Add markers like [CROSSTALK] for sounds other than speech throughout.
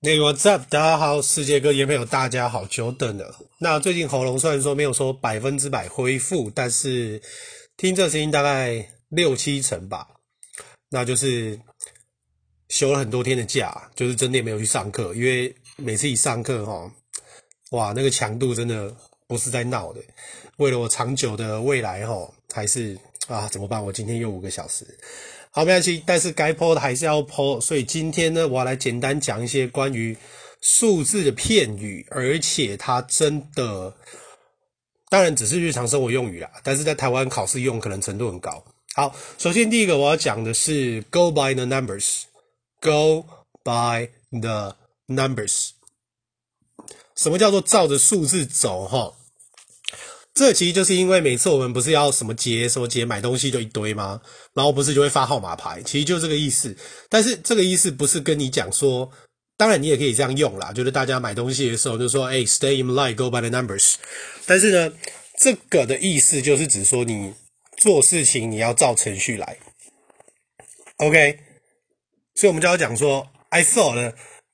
Hey, what's up？大家好，世界各地朋友，大家好久等了。那最近喉嚨雖然說沒有說百分之百恢復，但是聽這聲音大概六七成吧。那就是休了很多天的假，就是真的也沒有去上課，因為每次一上課哈，哇，那個強度真的不是在鬧的。為了我長久的未來齁，還是啊，怎麼辦？我今天又五個小時。好，沒關係，但是該 po 的還是要 po。所以今天呢，我要來簡單講一些關於數字的片語，而且它真的，當然只是日常生活用語啦，但是在台灣考試用可能程度很高。好，首先第一個我要講的是 “go by the numbers”，“go by the numbers” 什麼叫做照着數字走？哈。這其實就是因為每次我們不是要什麼節什麼節買東西就一堆嗎？然後不是就會發號碼牌，其實就這個意思。但是這個意思不是跟你講說，當然你也可以這樣用啦。就是大家買東西的時候就說：“欸，stay in line, go by the numbers。”但是呢，這個的意思就是指說你做事情你要照程序來。OK，所以我們就要講說：“I saw 呢。”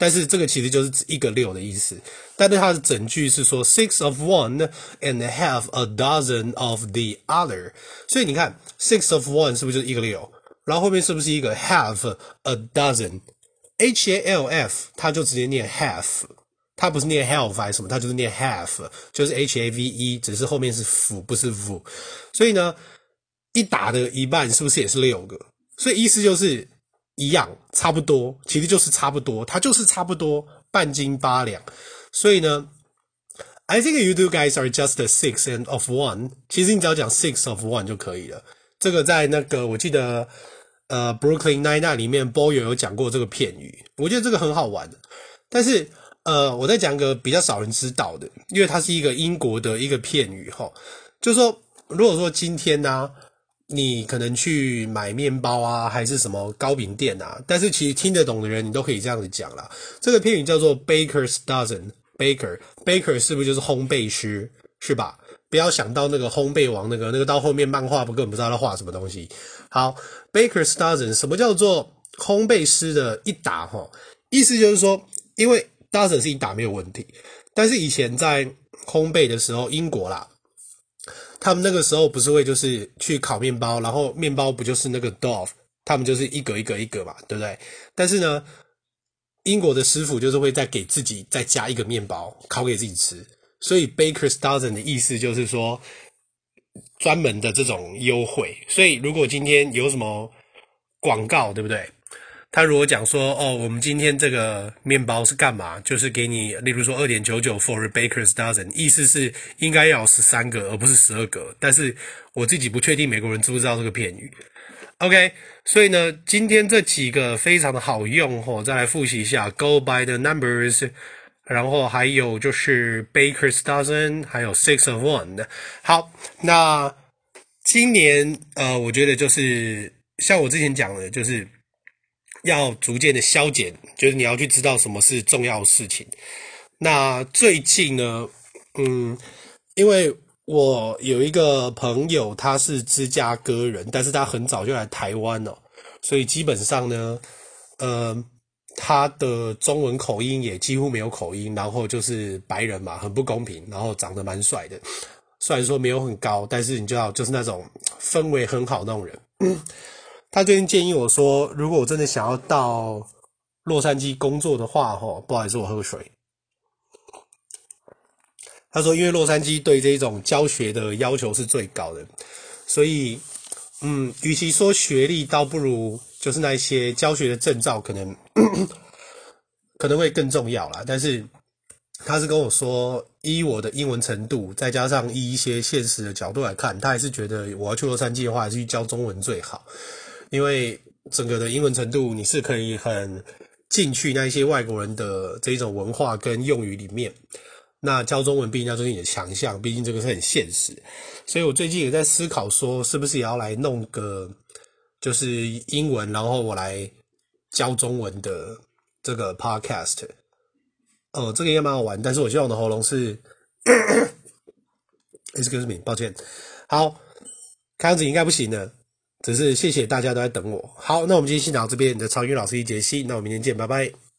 但是這個其實就是指一個六的意思，但是它的整句是說 six of one and half a dozen of the other，所以你看 six of one 是不是就是一個六，然後後面是不是一個 half a dozen，h a l f 它就直接念 half，它不是念 half 還是什麼，它就是念 half，就是 h a v e，只是後面是輔不是輔，所以呢，一打的一半是不是也是六個，所以意思就是。一樣，差不多，其實就是差不多，它就是差不多半斤八兩。所以呢，I think you two guys are just six and of one。其實你只要講 six of one 就可以了。這個在那個我記得呃 Brooklyn Nine Nine 裡面 Boyle 有講過這個片語，我覺得這個很好玩。但是呃，我再講個比較少人知道的，因為它是一個英國的一個片語哈。就是說，如果說今天呢、啊。你可能去買麵包啊，還是什麼糕餅店吶、啊？但是其實聽得懂的人，你都可以這樣子講啦。這個片語叫做 Baker's Dozen，Baker，Baker Baker 是不是就是烘焙師？是吧？不要想到那個烘焙王，那個那個到後面漫畫不根本不知道他畫什麼東西。好，Baker's Dozen，什麼叫做烘焙師的一打？吼，意思就是說，因為 dozen 是一打沒有問題，但是以前在烘焙的時候，英國啦。他們那個時候不是會就是去烤麵包，然後麵包不就是那個 dough，他們就是一格一格一格嘛，對不對？但是呢，英國的師傅就是會再給自己再加一個麵包烤給自己吃，所以 Baker's Dozen 的意思就是說專門的這種優惠。所以如果今天有什麼廣告，對不對？他如果講說哦，我們今天這個麵包是幹嘛？就是給你，例如說二點九九 for a baker's dozen，意思是應該要有十三個，而不是十二個。但是我自己不確定美國人知不知道這個片語。OK，所以呢，今天這幾個非常的好用，我、哦、再來復習一下，go by the numbers，然後還有就是 baker's dozen，還有 six of one。好，那今年呃，我覺得就是像我之前講的，就是。要逐漸的消減，就是你要去知道什麼是重要的事情。那最近呢，嗯，因為我有一個朋友，他是芝加哥人，但是他很早就來台灣了，哦，所以基本上呢，呃，他的中文口音也幾乎沒有口音，然後就是白人嘛，很不公平，然後長得蠻帥的，雖然說沒有很高，但是你知道就是那種氛圍很好那種人。 [LAUGHS] 他最近建議我說：“如果我真的想要到洛杉磯工作的話，吼，不好意思，我喝水。”他說：“因為洛杉磯對這種教學的要求是最高的，所以，嗯，與其說學歷，倒不如就是那些教學的證照，可能咳咳可能會更重要啦。但是，他是跟我說，依我的英文程度，再加上依一些現實的角度來看，他還是覺得我要去洛杉磯的話，還是去教中文最好。”因為整個的英文程度，你是可以很進去那一些外國人的這種文化跟用語裡面。那教中文畢竟要針對你的強項，畢竟這個是很現實。所以我最近也在思考說，是不是也要來弄個就是英文，然後我來教中文的這個 podcast。呃，這個應該蠻好玩，但是我希望我的喉嚨是，excuse me，抱歉。好，看樣子應該不行的。只是謝謝大家都在等我。好，那我們今天先講到這邊，你的潮英語老師 Jessie，那我們明天見，拜拜。